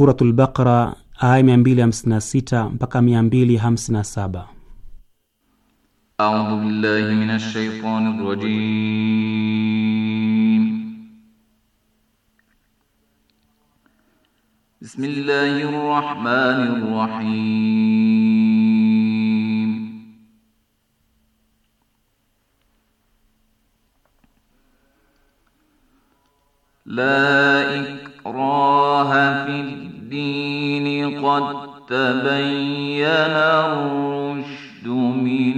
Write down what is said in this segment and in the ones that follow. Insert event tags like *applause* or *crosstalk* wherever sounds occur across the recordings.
Suratu Lbaqara aya 256 mpaka 257. Audhu billahi minash shaitani rajim. Bismillahir rahmanir rahim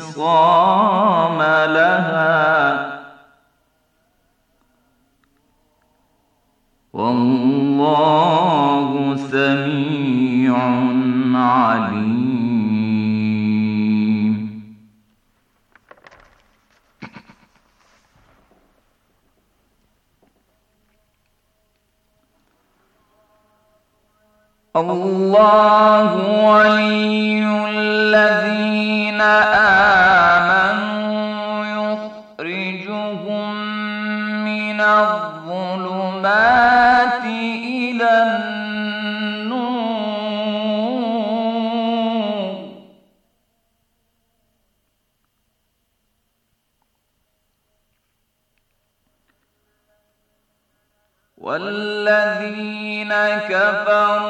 خصام لها والله الله ولي الذين آمنوا يخرجهم من الظلمات إلى النور والذين كفروا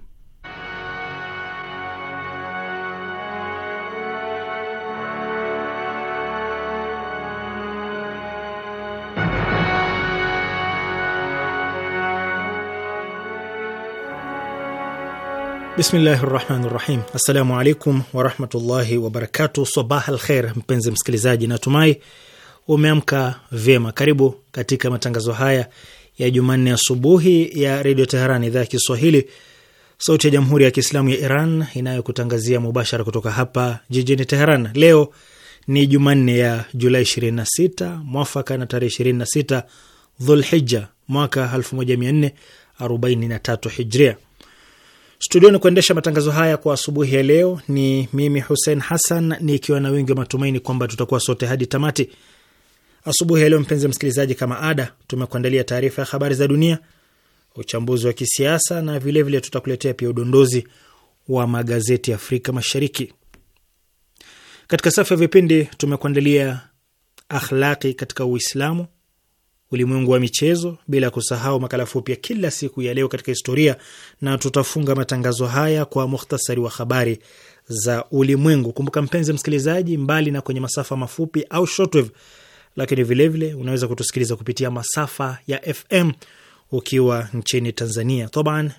Bismillahi rahmani rahim. Assalamu alaikum warahmatullahi wabarakatu. Sabah al kher, mpenzi msikilizaji, natumai umeamka vyema. Karibu katika matangazo haya ya Jumanne asubuhi ya redio Teheran, idhaa ya Kiswahili, sauti ya jamhuri ya kiislamu ya Iran inayokutangazia mubashara kutoka hapa jijini Teheran. Leo ni Jumanne ya Julai 26 mwafaka na tarehe 26 Dhulhija mwaka 1443 Hijria. Studioni kuendesha matangazo haya kwa asubuhi ya leo ni mimi Hussein Hassan, nikiwa na wingi wa matumaini kwamba tutakuwa sote hadi tamati. Asubuhi ya leo, mpenzi msikilizaji, kama ada, tumekuandalia taarifa ya habari za dunia, uchambuzi wa kisiasa na vilevile vile tutakuletea pia udondozi wa magazeti ya Afrika Mashariki. Katika safu ya vipindi tumekuandalia akhlaki katika Uislamu, ulimwengu wa michezo, bila kusahau makala fupi ya kila siku ya leo katika historia, na tutafunga matangazo haya kwa muhtasari wa habari za ulimwengu. Kumbuka mpenzi msikilizaji, mbali na kwenye masafa mafupi au shortwave, lakini vilevile unaweza kutusikiliza kupitia masafa ya FM ukiwa nchini Tanzania toban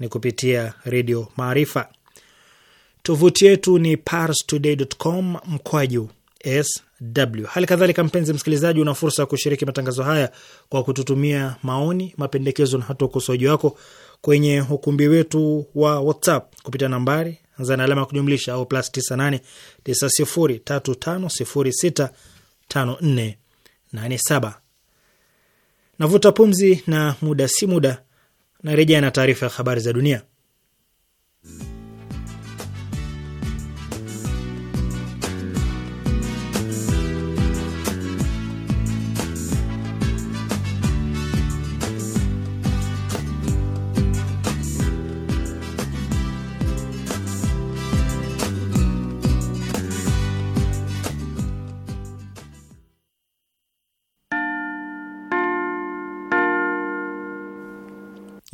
ni kupitia redio Maarifa. Tovuti yetu ni parstoday.com mkwaju s w. Hali kadhalika, mpenzi msikilizaji, una fursa ya kushiriki matangazo haya kwa kututumia maoni, mapendekezo na hata ukosoaji wako kwenye ukumbi wetu wa WhatsApp kupitia nambari za na alama ya kujumlisha au plus 98 Navuta pumzi na muda si muda na rejea na taarifa ya habari za dunia.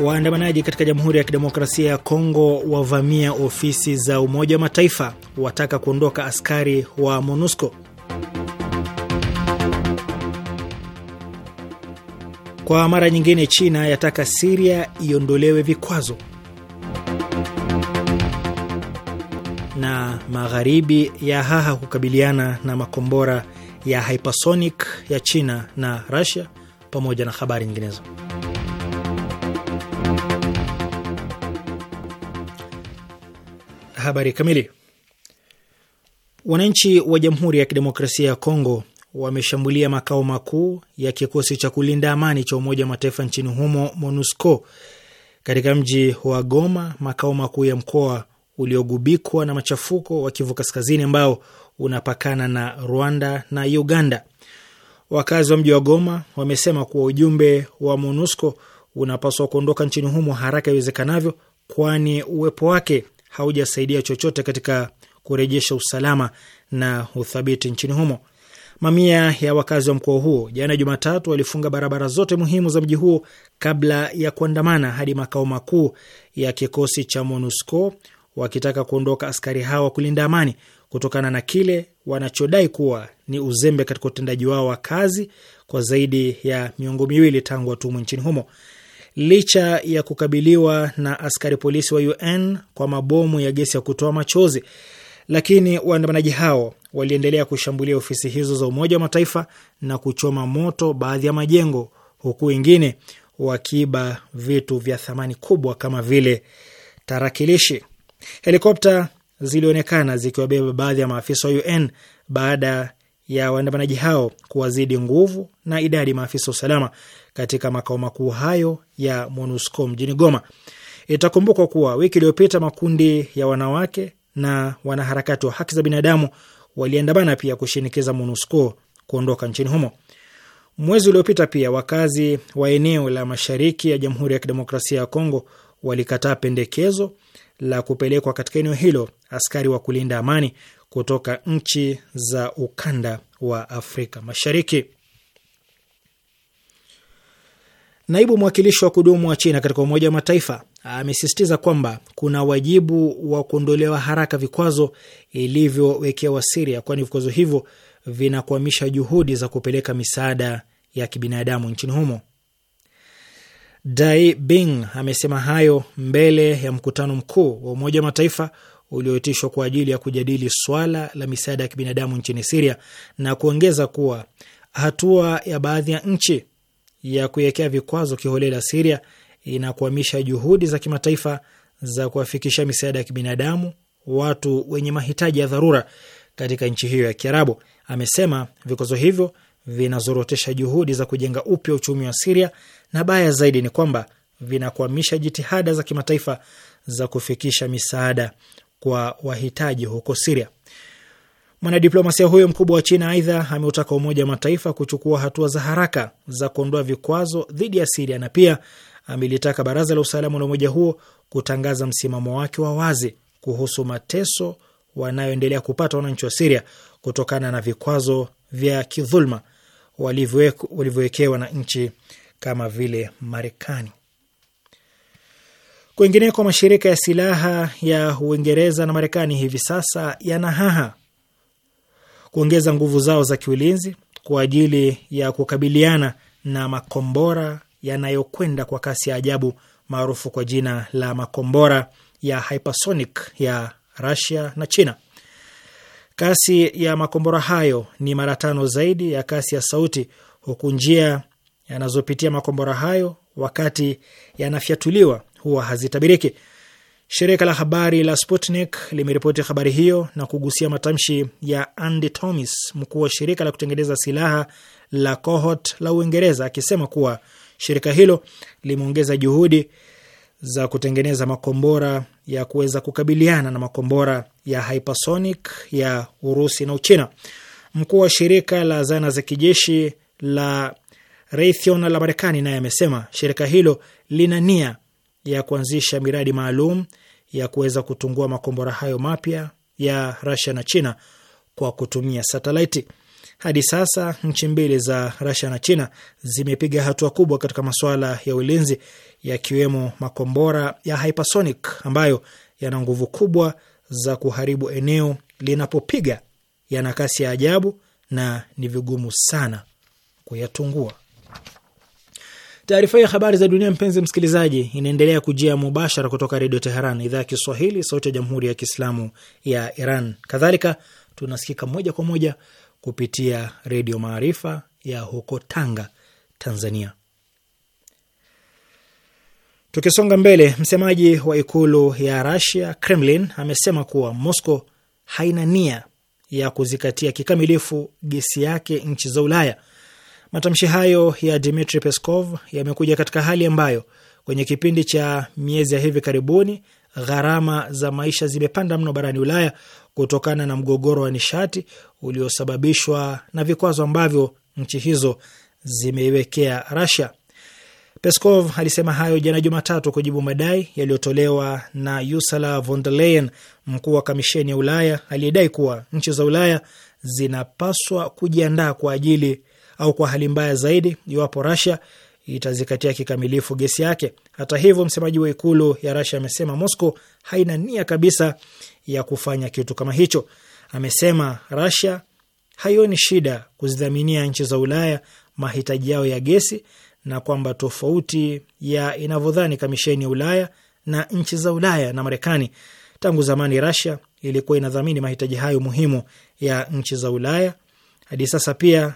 Waandamanaji katika Jamhuri ya Kidemokrasia ya Kongo wavamia ofisi za Umoja wa Mataifa, wataka kuondoka askari wa MONUSCO. Kwa mara nyingine, China yataka Siria iondolewe vikwazo, na magharibi ya haha kukabiliana na makombora ya hypersonic ya China na Russia, pamoja na habari nyinginezo. habari kamili. Wananchi wa Jamhuri ya Kidemokrasia ya Kongo wameshambulia makao makuu ya kikosi cha kulinda amani cha Umoja wa Mataifa nchini humo MONUSCO katika mji wa Goma, makao makuu ya mkoa uliogubikwa na machafuko wa Kivu Kaskazini ambao unapakana na Rwanda na Uganda. Wakazi wa mji wa Goma wamesema kuwa ujumbe wa MONUSCO unapaswa kuondoka nchini humo haraka iwezekanavyo, kwani uwepo wake haujasaidia chochote katika kurejesha usalama na uthabiti nchini humo. Mamia ya wakazi wa mkoa huo jana Jumatatu walifunga barabara zote muhimu za mji huo kabla ya kuandamana hadi makao makuu ya kikosi cha MONUSCO wakitaka kuondoka askari hao wa kulinda amani kutokana na kile wanachodai kuwa ni uzembe katika utendaji wao wa kazi kwa zaidi ya miongo miwili tangu watumwe nchini humo licha ya kukabiliwa na askari polisi wa UN kwa mabomu ya gesi ya kutoa machozi, lakini waandamanaji hao waliendelea kushambulia ofisi hizo za Umoja wa Mataifa na kuchoma moto baadhi ya majengo, huku wengine wakiiba vitu vya thamani kubwa kama vile tarakilishi. Helikopta zilionekana zikiwabeba baadhi ya maafisa wa UN baada ya waandamanaji hao kuwazidi nguvu na idadi maafisa wa usalama katika makao makuu hayo ya MONUSCO mjini Goma. Itakumbukwa kuwa wiki iliyopita makundi ya wanawake na wanaharakati wa haki za binadamu waliandamana pia kushinikiza MONUSCO kuondoka nchini humo. Mwezi uliopita pia wakazi wa eneo la mashariki ya Jamhuri ya Kidemokrasia ya Kongo walikataa pendekezo la kupelekwa katika eneo hilo askari wa kulinda amani kutoka nchi za ukanda wa Afrika Mashariki. Naibu mwakilishi wa kudumu wa China katika Umoja wa Mataifa amesisitiza kwamba kuna wajibu wa kuondolewa haraka vikwazo ilivyowekewa Siria, kwani vikwazo hivyo vinakwamisha juhudi za kupeleka misaada ya kibinadamu nchini humo. Dai Bing amesema hayo mbele ya mkutano mkuu wa Umoja wa Mataifa ulioitishwa kwa ajili ya kujadili swala la misaada ya kibinadamu nchini Siria na kuongeza kuwa hatua ya baadhi ya nchi ya kuiwekea vikwazo kiholela Siria inakwamisha juhudi za kimataifa za kuwafikisha misaada ya kibinadamu watu wenye mahitaji ya dharura katika nchi hiyo ya Kiarabu. Amesema vikwazo hivyo vinazorotesha juhudi za kujenga upya uchumi wa Siria na baya zaidi ni kwamba vinakwamisha jitihada za kimataifa za kufikisha misaada kwa wahitaji huko Siria. Mwanadiplomasia huyo mkubwa wa China aidha ameutaka Umoja wa Mataifa kuchukua hatua za haraka za kuondoa vikwazo dhidi ya Siria na pia amelitaka Baraza la Usalama la umoja huo kutangaza msimamo wake wa wazi kuhusu mateso wanayoendelea kupata wananchi wa Siria kutokana na vikwazo vya kidhulma walivyowekewa na nchi kama vile Marekani. Kwingineko, mashirika ya silaha ya Uingereza na Marekani hivi sasa yana haha kuongeza nguvu zao za kiulinzi kwa ajili ya kukabiliana na makombora yanayokwenda kwa kasi ya ajabu maarufu kwa jina la makombora ya hypersonic ya Russia na China. Kasi ya makombora hayo ni mara tano zaidi ya kasi ya sauti, huku njia yanazopitia makombora hayo wakati yanafyatuliwa huwa hazitabiriki. Shirika la habari la Sputnik limeripoti habari hiyo na kugusia matamshi ya Andy Thomis, mkuu wa shirika la kutengeneza silaha la Cohort la Uingereza, akisema kuwa shirika hilo limeongeza juhudi za kutengeneza makombora ya kuweza kukabiliana na makombora ya hypersonic ya Urusi na Uchina. Mkuu wa shirika la zana za kijeshi la Raytheon la Marekani naye amesema shirika hilo lina nia ya kuanzisha miradi maalum ya kuweza kutungua makombora hayo mapya ya rasia na China kwa kutumia satelaiti. Hadi sasa nchi mbili za rasia na China zimepiga hatua kubwa katika masuala ya ulinzi, yakiwemo makombora ya hypersonic ambayo yana nguvu kubwa za kuharibu eneo linapopiga, yana kasi ya ajabu na ni vigumu sana kuyatungua. Taarifa ya habari za dunia, mpenzi msikilizaji, inaendelea kujia mubashara kutoka Redio Teheran, idhaa ya Kiswahili, sauti ya Jamhuri ya Kiislamu ya Iran. Kadhalika tunasikika moja kwa moja kupitia Redio Maarifa ya huko Tanga, Tanzania. Tukisonga mbele, msemaji wa ikulu ya Rasia, Kremlin, amesema kuwa mosco haina nia ya kuzikatia kikamilifu gesi yake nchi za Ulaya Matamshi hayo ya Dmitri Peskov yamekuja katika hali ambayo kwenye kipindi cha miezi ya hivi karibuni gharama za maisha zimepanda mno barani Ulaya kutokana na mgogoro wa nishati uliosababishwa na vikwazo ambavyo nchi hizo zimeiwekea rasia Peskov alisema hayo jana Jumatatu kujibu madai yaliyotolewa na Ursula von der Leyen, mkuu wa kamisheni ya Ulaya, aliyedai kuwa nchi za Ulaya zinapaswa kujiandaa kwa ajili au kwa hali mbaya zaidi, iwapo Rasia itazikatia kikamilifu gesi yake. Hata hivyo, msemaji wa ikulu ya Rasia amesema Moscow haina nia kabisa ya kufanya kitu kama hicho. Amesema Rasia haioni shida kuzidhaminia nchi za Ulaya mahitaji yao ya gesi na kwamba tofauti ya inavyodhani kamisheni ya Ulaya na nchi za Ulaya na Marekani, tangu zamani Rasia ilikuwa inadhamini mahitaji hayo muhimu ya nchi za Ulaya. Hadi sasa pia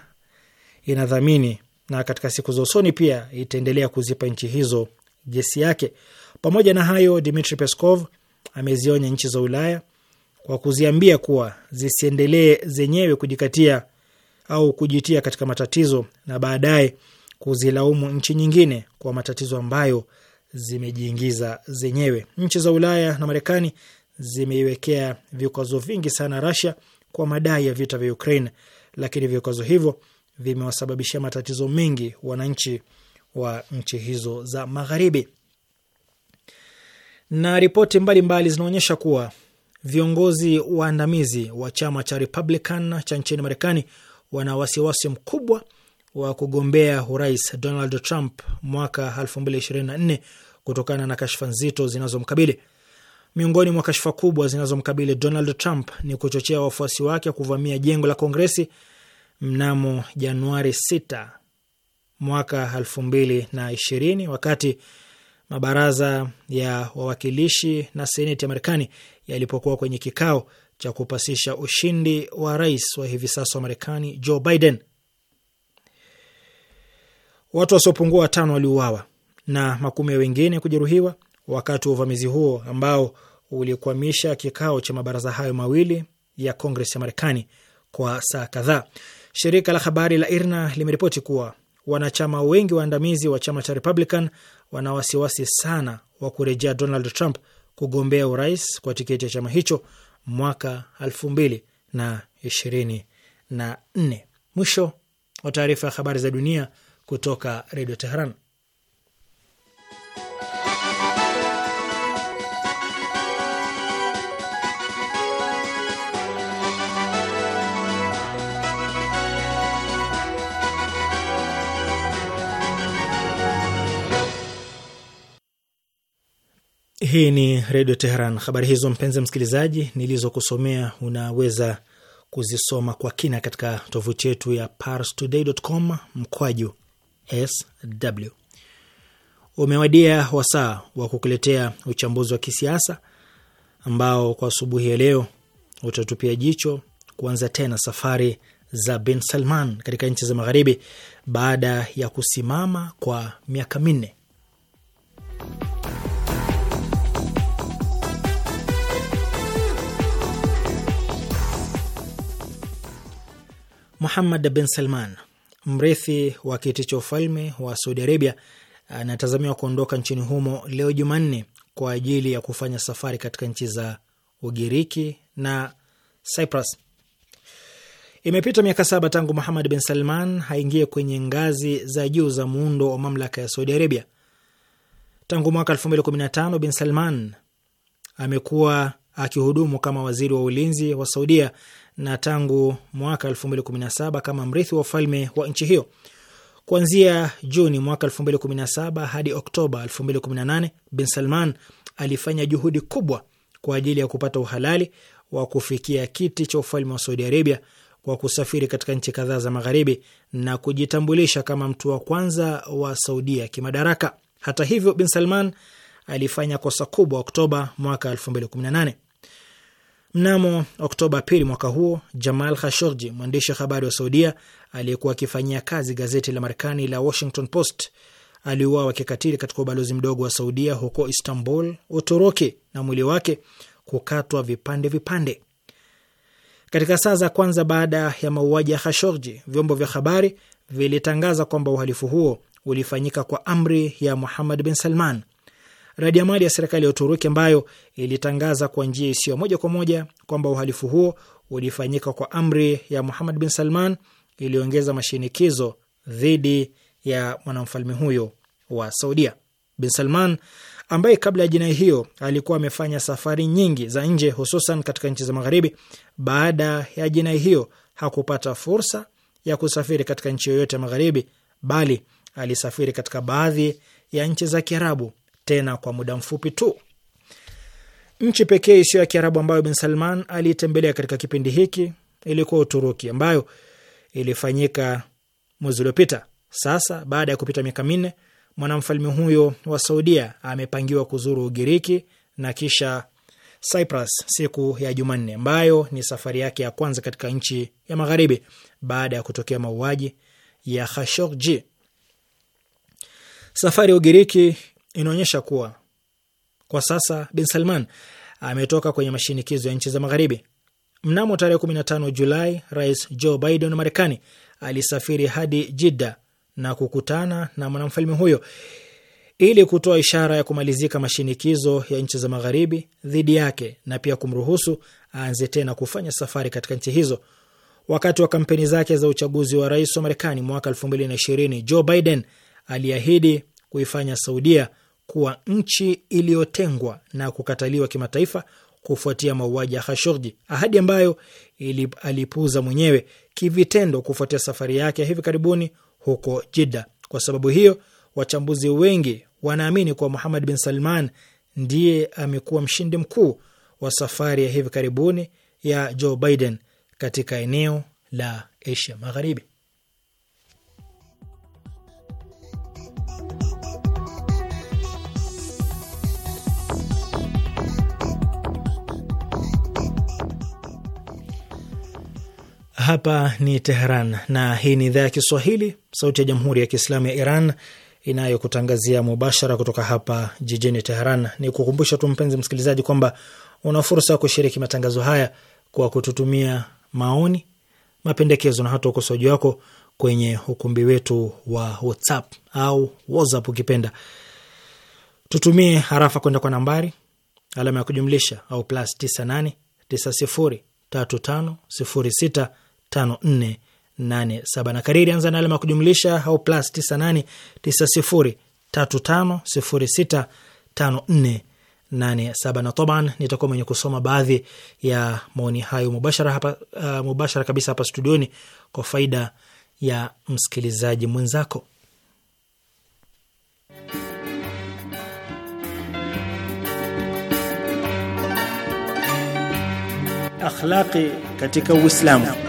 inadhamini na katika siku za usoni pia itaendelea kuzipa nchi hizo gesi yake. Pamoja na hayo, Dmitri Peskov amezionya nchi za Ulaya kwa kuziambia kuwa zisiendelee zenyewe kujikatia au kujitia katika matatizo na baadaye kuzilaumu nchi nyingine kwa matatizo ambayo zimejiingiza zenyewe. Nchi za Ulaya na Marekani zimeiwekea vikwazo vingi sana Russia kwa madai ya vita vya Ukraine, lakini vikwazo hivyo vimewasababishia matatizo mengi wananchi wa nchi hizo za magharibi. Na ripoti mbalimbali zinaonyesha kuwa viongozi waandamizi wa chama cha Republican cha nchini Marekani wana wasiwasi mkubwa wa kugombea urais Donald Trump mwaka 2024 kutokana na kashfa nzito zinazomkabili. Miongoni mwa kashfa kubwa zinazomkabili Donald Trump ni kuchochea wafuasi wake kuvamia jengo la Kongresi mnamo Januari 6 mwaka elfu mbili na ishirini wakati mabaraza ya wawakilishi na seneti ya Marekani yalipokuwa kwenye kikao cha kupasisha ushindi wa rais wa hivi sasa wa Marekani Joe Biden. Watu wasiopungua watano waliuawa na makumi wengine kujeruhiwa wakati wa uvamizi huo ambao ulikwamisha kikao cha mabaraza hayo mawili ya Kongres ya Marekani kwa saa kadhaa. Shirika la habari la IRNA limeripoti kuwa wanachama wengi waandamizi wa chama cha Republican wana wasiwasi sana wa kurejea Donald Trump kugombea urais kwa tiketi ya chama hicho mwaka elfu mbili na ishirini na nne. Mwisho wa taarifa ya habari za dunia kutoka Redio Teheran. Hii ni Redio Teheran. Habari hizo mpenzi msikilizaji, nilizokusomea unaweza kuzisoma kwa kina katika tovuti yetu ya parstoday.com mkwaju sw. Umewadia wasaa wa kukuletea uchambuzi wa kisiasa ambao kwa asubuhi ya leo utatupia jicho kuanza tena safari za Bin Salman katika nchi za Magharibi baada ya kusimama kwa miaka minne. Muhammad bin Salman, mrithi wa kiti cha ufalme wa Saudi Arabia, anatazamiwa kuondoka nchini humo leo Jumanne kwa ajili ya kufanya safari katika nchi za Ugiriki na Cyprus. Imepita miaka saba tangu Muhammad bin Salman aingie kwenye ngazi za juu za muundo wa mamlaka ya Saudi Arabia. Tangu mwaka 2015 bin Salman amekuwa akihudumu kama waziri wa ulinzi wa Saudia na tangu mwaka 2017 kama mrithi wa ufalme wa nchi hiyo. Kuanzia Juni mwaka 2017 hadi Oktoba 2018, Bin Salman alifanya juhudi kubwa kwa ajili ya kupata uhalali wa kufikia kiti cha ufalme wa Saudi Arabia kwa kusafiri katika nchi kadhaa za Magharibi na kujitambulisha kama mtu wa kwanza wa Saudia kimadaraka. Hata hivyo, Bin Salman alifanya kosa kubwa Oktoba mwaka 2018. Mnamo Oktoba pili mwaka huo, Jamal Khashoggi, mwandishi habari wa Saudia aliyekuwa akifanyia kazi gazeti la Marekani la Washington Post, aliuawa kikatili katika ubalozi mdogo wa Saudia huko Istanbul, Uturuki, na mwili wake kukatwa vipande vipande. Katika saa za kwanza baada ya mauaji ya Khashoggi, vyombo vya habari vilitangaza kwamba uhalifu huo ulifanyika kwa amri ya Muhammad bin Salman, Radiamali ya serikali ya Uturuki ambayo ilitangaza kwa njia isiyo moja kwa moja kwamba uhalifu huo ulifanyika kwa amri ya Muhammad bin Salman iliongeza mashinikizo dhidi ya mwanamfalme huyo wa Saudia. Bin Salman ambaye kabla ya jinai hiyo alikuwa amefanya safari nyingi za nje, hususan katika nchi za Magharibi, baada ya jinai hiyo hakupata fursa ya kusafiri katika nchi yoyote ya Magharibi, bali alisafiri katika baadhi ya nchi za Kiarabu tena kwa muda mfupi tu. Nchi pekee isiyo ya Kiarabu ambayo Bin Salman aliitembelea katika kipindi hiki ilikuwa Uturuki, ambayo ilifanyika mwezi uliopita. Sasa baada ya kupita miaka minne, mwanamfalme huyo wa Saudia amepangiwa kuzuru Ugiriki na kisha Cyprus siku ya Jumanne, ambayo ni safari yake ya kwanza katika nchi ya magharibi baada ya kutokea mauaji ya Khashoggi. Safari ya Ugiriki inaonyesha kuwa kwa sasa Bin Salman ametoka kwenye mashinikizo ya nchi za Magharibi. Mnamo tarehe 15 Julai, Rais Joe Biden wa Marekani alisafiri hadi Jidda na kukutana na mwanamfalme huyo ili kutoa ishara ya kumalizika mashinikizo ya nchi za Magharibi dhidi yake na pia kumruhusu aanze tena kufanya safari katika nchi hizo. Wakati wa kampeni zake za uchaguzi wa rais wa Marekani mwaka 2020, Joe Biden aliahidi kuifanya Saudia kuwa nchi iliyotengwa na kukataliwa kimataifa kufuatia mauaji ya Khashoggi, ahadi ambayo alipuuza mwenyewe kivitendo kufuatia safari yake ya hivi karibuni huko Jidda. Kwa sababu hiyo, wachambuzi wengi wanaamini kuwa Muhammad bin Salman ndiye amekuwa mshindi mkuu wa safari ya hivi karibuni ya Joe Biden katika eneo la Asia Magharibi. Hapa ni Teheran na hii ni idhaa ya Kiswahili, sauti ya jamhuri ya kiislamu ya Iran inayokutangazia mubashara kutoka hapa jijini Teheran. Ni kukumbusha tu mpenzi msikilizaji kwamba una fursa ya kushiriki matangazo haya kwa kututumia maoni, mapendekezo na hata ukosoaji wako kwenye ukumbi wetu wa WhatsApp au WhatsApp ukipenda, tutumie harafa kwenda kwa nambari alama ya kujumlisha au plus 98 90 35 06 5487 na kariri anza na alama ya kujumlisha au plus 989035065487 na taban, nitakuwa mwenye kusoma baadhi ya maoni hayo mubashara hapa, uh, mubashara kabisa hapa studioni kwa faida ya msikilizaji mwenzako. Akhlaqi katika Uislamu.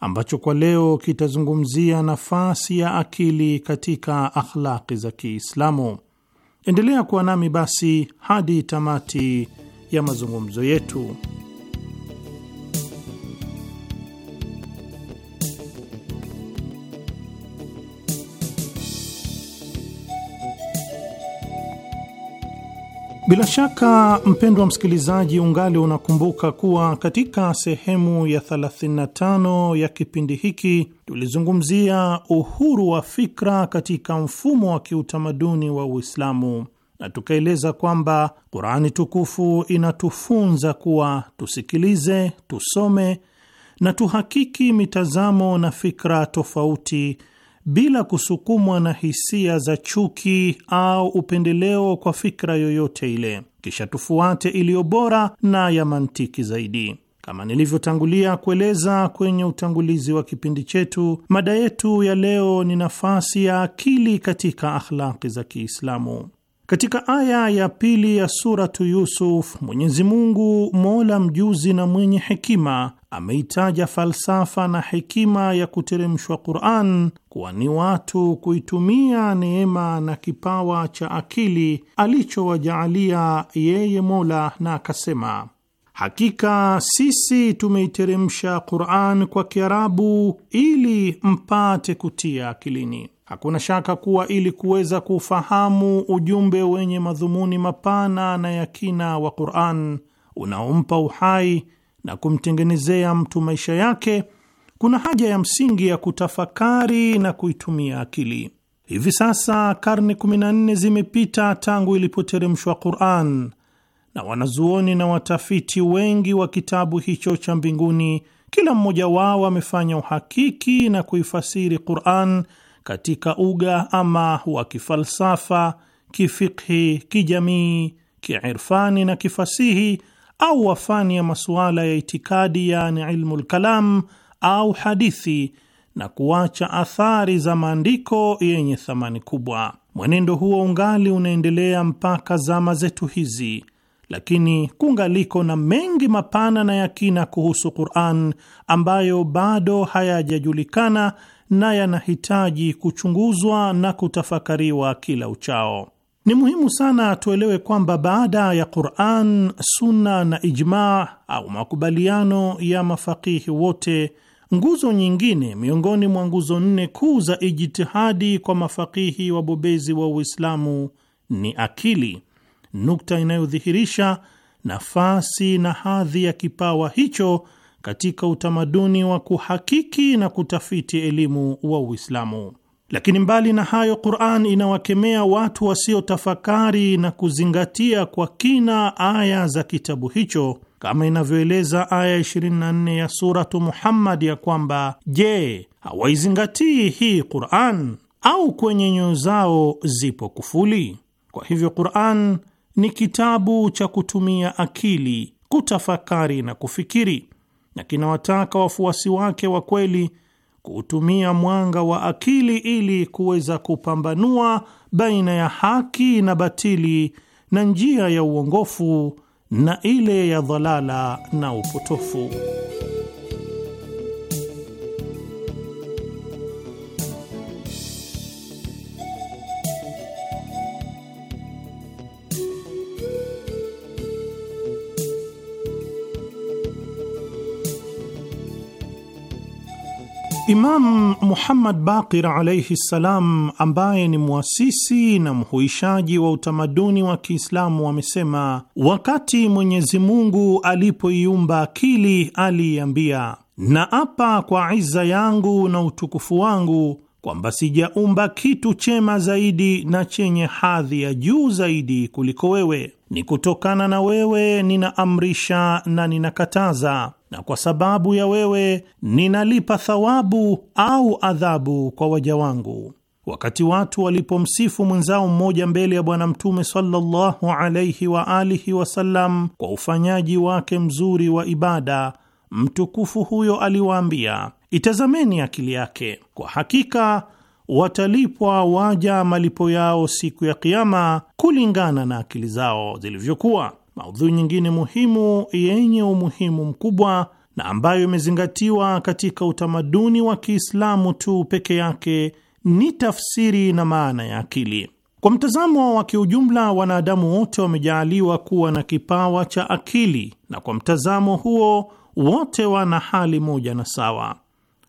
ambacho kwa leo kitazungumzia nafasi ya akili katika akhlaqi za Kiislamu. Endelea kuwa nami basi hadi tamati ya mazungumzo yetu. Bila shaka mpendwa msikilizaji, ungali unakumbuka kuwa katika sehemu ya 35 ya kipindi hiki tulizungumzia uhuru wa fikra katika mfumo wa kiutamaduni wa Uislamu na tukaeleza kwamba Kurani tukufu inatufunza kuwa tusikilize, tusome na tuhakiki mitazamo na fikra tofauti bila kusukumwa na hisia za chuki au upendeleo kwa fikra yoyote ile, kisha tufuate iliyo bora na ya mantiki zaidi. Kama nilivyotangulia kueleza kwenye utangulizi wa kipindi chetu, mada yetu ya leo ni nafasi ya akili katika akhlaki za Kiislamu. Katika aya ya pili ya Suratu Yusuf, Mwenyezi Mungu mola mjuzi na mwenye hekima ameitaja falsafa na hekima ya kuteremshwa Qur'an kuwa ni watu kuitumia neema na kipawa cha akili alichowajaalia yeye Mola, na akasema Hakika sisi tumeiteremsha Qur'an kwa Kiarabu ili mpate kutia akilini. Hakuna shaka kuwa ili kuweza kufahamu ujumbe wenye madhumuni mapana na yakina wa Qur'an unaompa uhai na kumtengenezea mtu maisha yake, kuna haja ya msingi ya kutafakari na kuitumia akili. Hivi sasa karne 14 zimepita tangu ilipoteremshwa Quran na wanazuoni na watafiti wengi wa kitabu hicho cha mbinguni, kila mmoja wao amefanya uhakiki na kuifasiri Quran katika uga ama wa kifalsafa, kifikhi, kijamii, kiirfani na kifasihi au wafani ya masuala ya itikadi, yani ilmu lkalam au hadithi na kuacha athari za maandiko yenye thamani kubwa. Mwenendo huo ungali unaendelea mpaka zama zetu hizi, lakini kungaliko na mengi mapana na ya kina kuhusu Quran ambayo bado hayajajulikana na yanahitaji kuchunguzwa na kutafakariwa kila uchao. Ni muhimu sana tuelewe kwamba baada ya Qur'an, sunna na ijma au makubaliano ya mafakihi wote, nguzo nyingine miongoni mwa nguzo nne kuu za ijtihadi kwa mafakihi wabobezi wa Uislamu ni akili, nukta inayodhihirisha nafasi na hadhi ya kipawa hicho katika utamaduni wa kuhakiki na kutafiti elimu wa Uislamu. Lakini mbali na hayo, Qur'an inawakemea watu wasiotafakari na kuzingatia kwa kina aya za kitabu hicho, kama inavyoeleza aya 24 ya suratu Muhammad ya kwamba, je, hawaizingatii hii Qur'an au kwenye nyoyo zao zipo kufuli? Kwa hivyo Qur'an ni kitabu cha kutumia akili kutafakari na kufikiri, na kinawataka wafuasi wake wa kweli kutumia mwanga wa akili ili kuweza kupambanua baina ya haki na batili na njia ya uongofu na ile ya dhalala na upotofu. Imam Muhammad Baqir alaihi ssalam, ambaye ni mwasisi na mhuishaji wa utamaduni wa Kiislamu, amesema wakati Mwenyezi Mungu alipoiumba akili aliiambia, naapa kwa iza yangu na utukufu wangu kwamba sijaumba kitu chema zaidi na chenye hadhi ya juu zaidi kuliko wewe. Ni kutokana na wewe ninaamrisha na ninakataza na kwa sababu ya wewe ninalipa thawabu au adhabu kwa waja wangu. Wakati watu walipomsifu mwenzao mmoja mbele ya Bwana Mtume sallallahu alaihi wa alihi wasallam kwa ufanyaji wake mzuri wa ibada, mtukufu huyo aliwaambia, itazameni akili yake, kwa hakika watalipwa waja malipo yao siku ya Kiama kulingana na akili zao zilivyokuwa. Maudhui nyingine muhimu yenye umuhimu mkubwa na ambayo imezingatiwa katika utamaduni wa Kiislamu tu peke yake ni tafsiri na maana ya akili. Kwa mtazamo wa kiujumla, wanadamu wote wamejaaliwa kuwa na kipawa cha akili, na kwa mtazamo huo wote wana hali moja na sawa.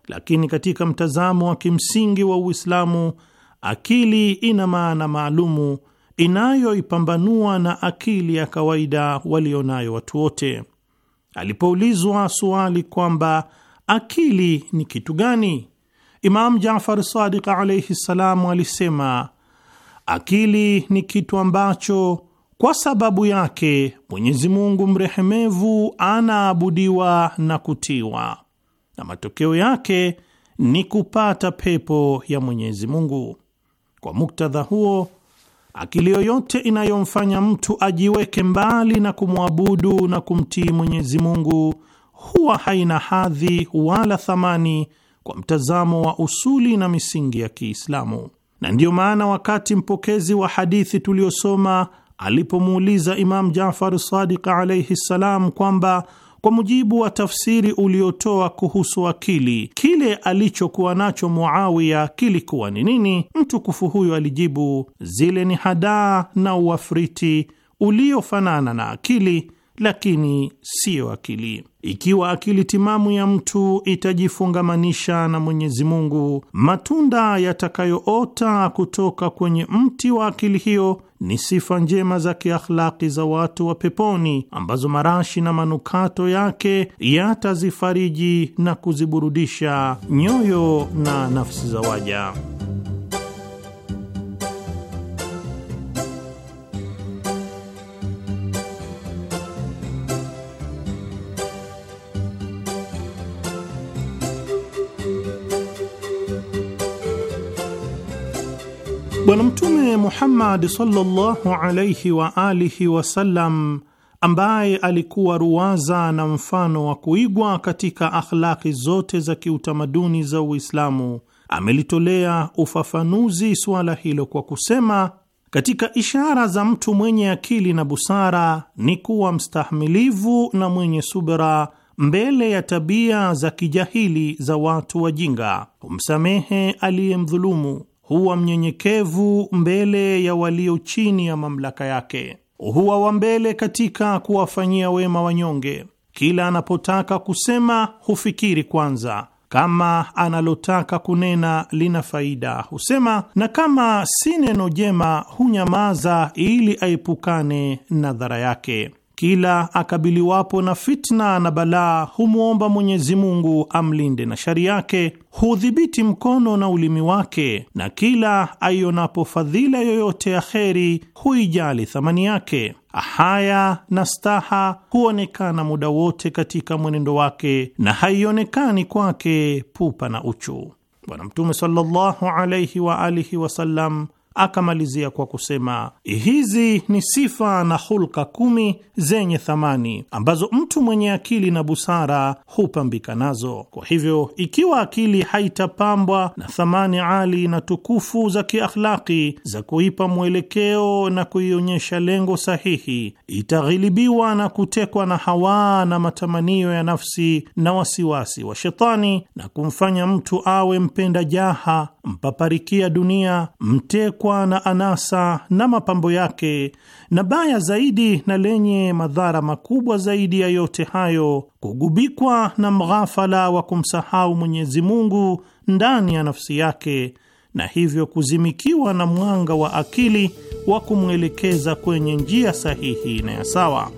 Lakini katika mtazamo wa kimsingi wa Uislamu, akili ina maana maalumu inayoipambanua na akili ya kawaida walionayo watu wote. Alipoulizwa suali kwamba akili ni kitu gani, Imam Jafar Sadiq alaihi ssalam alisema akili ni kitu ambacho kwa sababu yake Mwenyezi Mungu mrehemevu anaabudiwa na kutiwa, na matokeo yake ni kupata pepo ya Mwenyezi Mungu. Kwa muktadha huo Akili yoyote inayomfanya mtu ajiweke mbali na kumwabudu na kumtii Mwenyezi Mungu huwa haina hadhi wala thamani kwa mtazamo wa usuli na misingi ya Kiislamu, na ndiyo maana wakati mpokezi wa hadithi tuliyosoma alipomuuliza Imam Jafar Sadiq alaihi ssalam kwamba kwa mujibu wa tafsiri uliotoa kuhusu akili, kile alichokuwa nacho Muawiya kilikuwa ni nini? Mtukufu huyo alijibu, zile ni hadaa na uafriti uliofanana na akili lakini siyo akili. Ikiwa akili timamu ya mtu itajifungamanisha na Mwenyezi Mungu, matunda yatakayoota kutoka kwenye mti wa akili hiyo ni sifa njema za kiakhlaki za watu wa peponi ambazo marashi na manukato yake yatazifariji na kuziburudisha nyoyo na nafsi za waja. Bwana Mtume Muhammad sallallahu alayhi wa alihi wasallam, ambaye alikuwa ruwaza na mfano wa kuigwa katika akhlaqi zote za kiutamaduni za Uislamu, amelitolea ufafanuzi suala hilo kwa kusema, katika ishara za mtu mwenye akili na busara ni kuwa mstahmilivu na mwenye subra mbele ya tabia za kijahili za watu wajinga, humsamehe aliyemdhulumu huwa mnyenyekevu mbele ya walio chini ya mamlaka yake, huwa wa mbele katika kuwafanyia wema wanyonge. Kila anapotaka kusema hufikiri kwanza, kama analotaka kunena lina faida husema, na kama si neno jema hunyamaza ili aepukane na dhara yake kila akabiliwapo na fitna na balaa humwomba Mwenyezi Mungu amlinde na shari yake, hudhibiti mkono na ulimi wake, na kila aionapo fadhila yoyote ya kheri huijali thamani yake. Haya na staha huonekana muda wote katika mwenendo wake na haionekani kwake pupa na uchu. Bwana Mtume sallallahu alaihi wa alihi wasallam Akamalizia kwa kusema hizi ni sifa na hulka kumi zenye thamani ambazo mtu mwenye akili na busara hupambika nazo. Kwa hivyo, ikiwa akili haitapambwa na thamani ali na tukufu za kiakhlaki za kuipa mwelekeo na kuionyesha lengo sahihi, itaghilibiwa na kutekwa na hawa na matamanio ya nafsi na wasiwasi wa shetani na kumfanya mtu awe mpenda jaha, mpaparikia dunia, mtekwa limepambwa na anasa na mapambo yake, na baya zaidi na lenye madhara makubwa zaidi ya yote hayo, kugubikwa na mghafala wa kumsahau Mwenyezi Mungu ndani ya nafsi yake, na hivyo kuzimikiwa na mwanga wa akili wa kumwelekeza kwenye njia sahihi na ya sawa.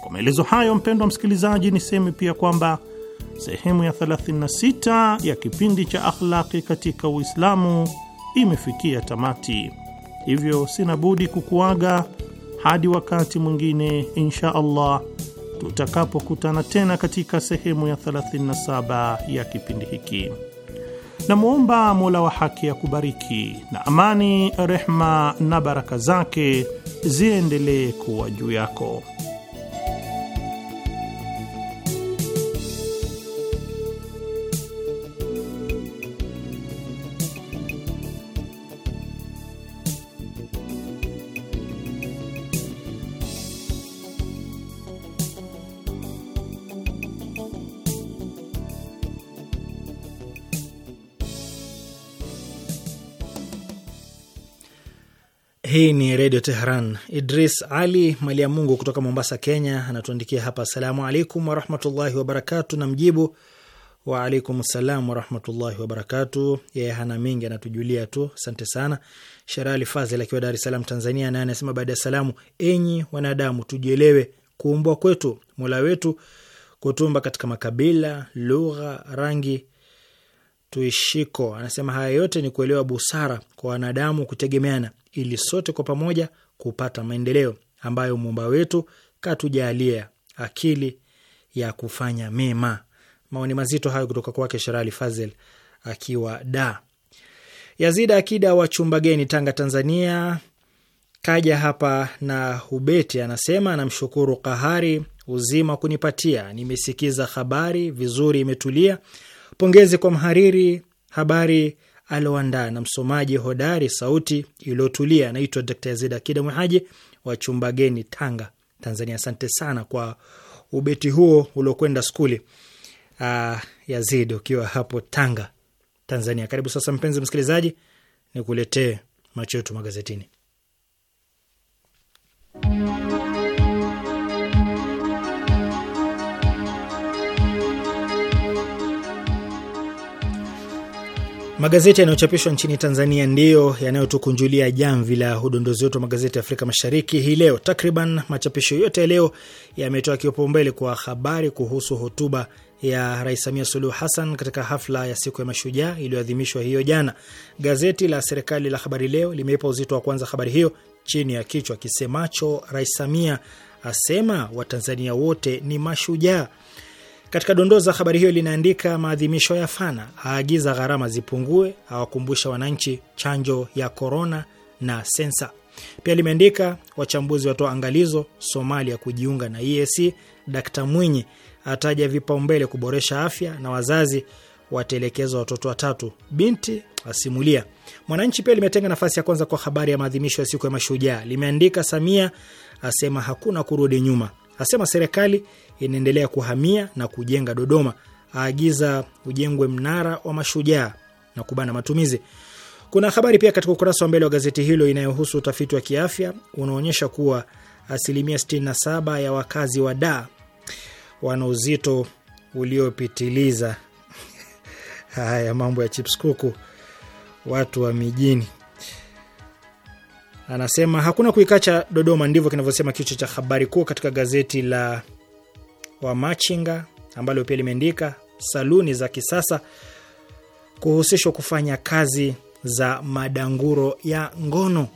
Kwa maelezo hayo, mpendwa msikilizaji, niseme pia kwamba sehemu ya 36 ya kipindi cha akhlaki katika Uislamu imefikia tamati, hivyo sina budi kukuaga hadi wakati mwingine insha Allah tutakapokutana tena katika sehemu ya 37 ya kipindi hiki. Namwomba Mola wa haki ya kubariki na amani, rehma na baraka zake ziendelee kuwa juu yako. Hii ni Redio Teheran. Idris Ali Malia Mungu kutoka Mombasa, Kenya, anatuandikia hapa, assalamu alaikum warahmatullahi wabarakatu. Na mjibu waalaikum salam warahmatullahi wabarakatu. Yeye hana mingi, anatujulia tu, asante sana. Sherali Fazil akiwa Dar es Salaam, Tanzania, naye anasema baada ya salamu, enyi wanadamu, tujielewe kuumbwa kwetu, mola wetu kutumba katika makabila, lugha, rangi tuishiko. Anasema haya yote ni kuelewa busara kwa wanadamu kutegemeana ili sote kwa pamoja kupata maendeleo ambayo muumba wetu katujalia akili ya kufanya mema. Maoni mazito hayo kutoka kwake Sherali Fazel akiwa da Yazida Akida wa geni Tanga, Tanzania, kaja hapa na ubeti. Anasema namshukuru Kahari uzima kunipatia, nimesikiza habari vizuri, imetulia. Pongezi kwa mhariri habari alioandaa na msomaji hodari sauti iliyotulia anaitwa Dr. Yazid Akida Mwehaji wa chumba geni Tanga, Tanzania. Asante sana kwa ubeti huo uliokwenda skuli. Uh, Yazid ukiwa hapo Tanga, Tanzania. Karibu sasa, mpenzi msikilizaji, nikuletee macho yetu magazetini. Magazeti yanayochapishwa nchini Tanzania ndiyo yanayotukunjulia jamvi la udondozi wetu wa magazeti ya Afrika Mashariki hii leo. Takriban machapisho yote yaleo leo yametoa kipaumbele kwa habari kuhusu hotuba ya Rais Samia Suluhu Hassan katika hafla ya siku ya Mashujaa iliyoadhimishwa hiyo jana. Gazeti la serikali la Habari Leo limeipa uzito wa kwanza habari hiyo chini ya kichwa kisemacho, Rais Samia asema Watanzania wote ni mashujaa. Katika dondoo za habari hiyo linaandika maadhimisho ya fana aagiza gharama zipungue, awakumbusha wananchi chanjo ya korona na sensa. Pia limeandika wachambuzi watoa angalizo Somalia kujiunga na EAC, Dkt Mwinyi ataja vipaumbele kuboresha afya, na wazazi watelekeza watoto watatu, binti asimulia. Mwananchi pia limetenga nafasi ya kwanza kwa habari ya maadhimisho ya siku ya mashujaa. Limeandika Samia asema hakuna kurudi nyuma, asema serikali inaendelea kuhamia na kujenga Dodoma, aagiza ujengwe mnara wa mashujaa na kubana matumizi. Kuna habari pia katika ukurasa wa mbele wa gazeti hilo inayohusu utafiti wa kiafya unaonyesha kuwa asilimia 67 ya wakazi wa Da wana uzito uliopitiliza. *laughs* Haya mambo ya chips kuku, watu wa mijini. Anasema hakuna kuikacha Dodoma, ndivyo kinavyosema kichwa cha habari kuu katika gazeti la wa machinga ambalo pia limeandika saluni za kisasa kuhusishwa kufanya kazi za madanguro ya ngono.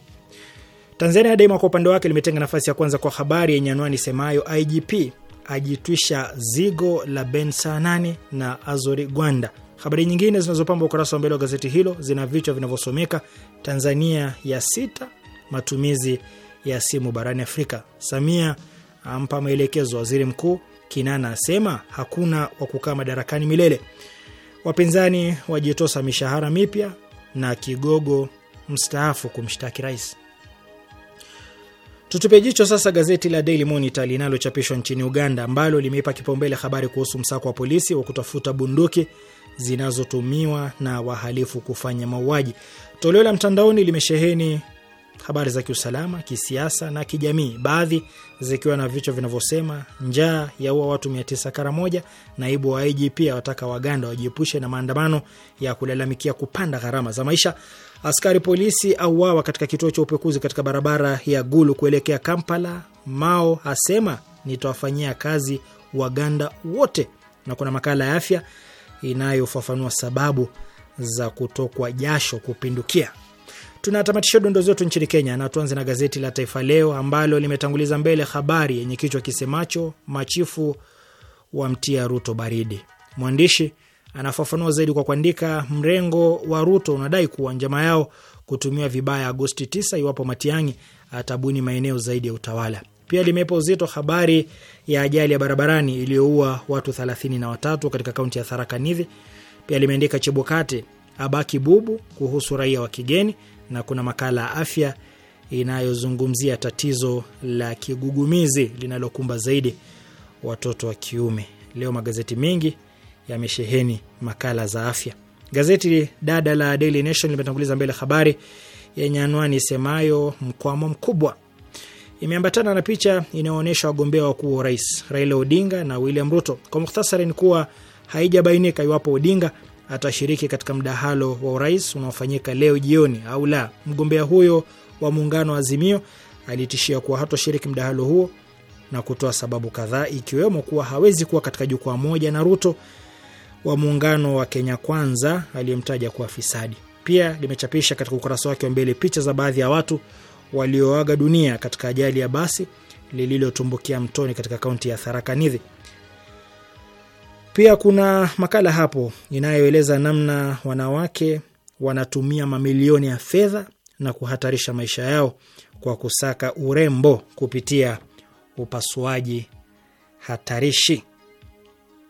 Tanzania Daima kwa upande wake limetenga nafasi ya kwanza kwa habari yenye anwani semayo IGP ajitwisha zigo la Ben Saanane na Azori Gwanda. Habari nyingine zinazopamba ukurasa wa mbele wa gazeti hilo zina vichwa vinavyosomeka Tanzania ya sita matumizi ya simu barani Afrika, Samia ampa maelekezo waziri mkuu, Kinana asema hakuna wa kukaa madarakani milele, wapinzani wajitosa mishahara mipya, na kigogo mstaafu kumshtaki rais. tutupe jicho sasa gazeti la Daily Monitor linalochapishwa nchini Uganda, ambalo limeipa kipaumbele habari kuhusu msako wa polisi wa kutafuta bunduki zinazotumiwa na wahalifu kufanya mauaji. Toleo la mtandaoni limesheheni habari za kiusalama, kisiasa na kijamii, baadhi zikiwa na vichwa vinavyosema njaa yaua watu 900 Karamoja, naibu wa IGP awataka Waganda wajiepushe na maandamano ya kulalamikia kupanda gharama za maisha, askari polisi auawa katika kituo cha upekuzi katika barabara ya Gulu kuelekea Kampala, Mao asema nitawafanyia kazi Waganda wote, na kuna makala ya afya inayofafanua sababu za kutokwa jasho kupindukia. Tunatamatisha dondoo zetu nchini Kenya na tuanze na gazeti la Taifa Leo ambalo limetanguliza mbele habari yenye kichwa kisemacho machifu wa mtia Ruto baridi. Mwandishi anafafanua zaidi kwa kuandika, mrengo wa Ruto unadai kuwa njama yao kutumia vibaya Agosti 9 iwapo Matiang'i atabuni maeneo zaidi ya utawala. Pia limepa uzito habari ya ajali ya barabarani iliyoua watu thelathini na watatu katika kaunti ya Tharaka Nithi. Pia limeandika Chebukati abaki bubu kuhusu raia wa kigeni na kuna makala ya afya inayozungumzia tatizo la kigugumizi linalokumba zaidi watoto wa kiume. Leo magazeti mengi yamesheheni makala za afya. Gazeti dada la Daily Nation limetanguliza mbele habari yenye anwani isemayo mkwamo mkubwa. Imeambatana na picha inayoonyesha wagombea wakuu wa urais Raila Odinga na William Ruto. Kwa muktasari ni kuwa haijabainika iwapo Odinga atashiriki katika mdahalo wa urais unaofanyika leo jioni au la. Mgombea huyo wa muungano wa Azimio alitishia kuwa hatoshiriki mdahalo huo na kutoa sababu kadhaa, ikiwemo kuwa hawezi kuwa katika jukwaa moja na Ruto wa muungano wa Kenya Kwanza aliyemtaja kuwa fisadi. Pia limechapisha katika ukurasa wake wa mbele picha za baadhi ya watu walioaga dunia katika ajali ya basi lililotumbukia mtoni katika kaunti ya Tharaka Nithi. Pia kuna makala hapo inayoeleza namna wanawake wanatumia mamilioni ya fedha na kuhatarisha maisha yao kwa kusaka urembo kupitia upasuaji hatarishi.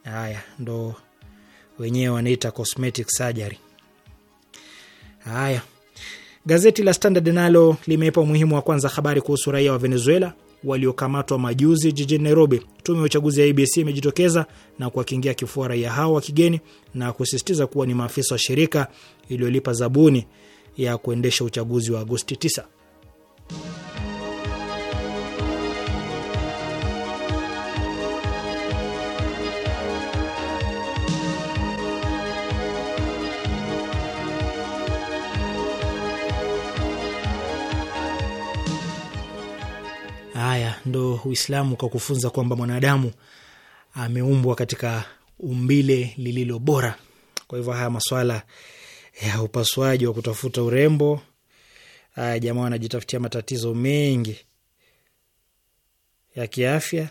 Haya ndo wenyewe wanaita cosmetic surgery. Haya, gazeti la Standard nalo limeipa umuhimu wa kwanza habari kuhusu raia wa Venezuela waliokamatwa majuzi jijini Nairobi. Tume ya uchaguzi ya IBC imejitokeza na kuwakingia kifua raia hao wa kigeni na kusisitiza kuwa ni maafisa wa shirika iliyolipa zabuni ya kuendesha uchaguzi wa Agosti 9. Haya ndo Uislamu kwa kufunza kwamba mwanadamu ameumbwa katika umbile lililo bora. Kwa hivyo haya maswala ya upasuaji wa kutafuta urembo, haya jamaa wanajitafutia matatizo mengi ya kiafya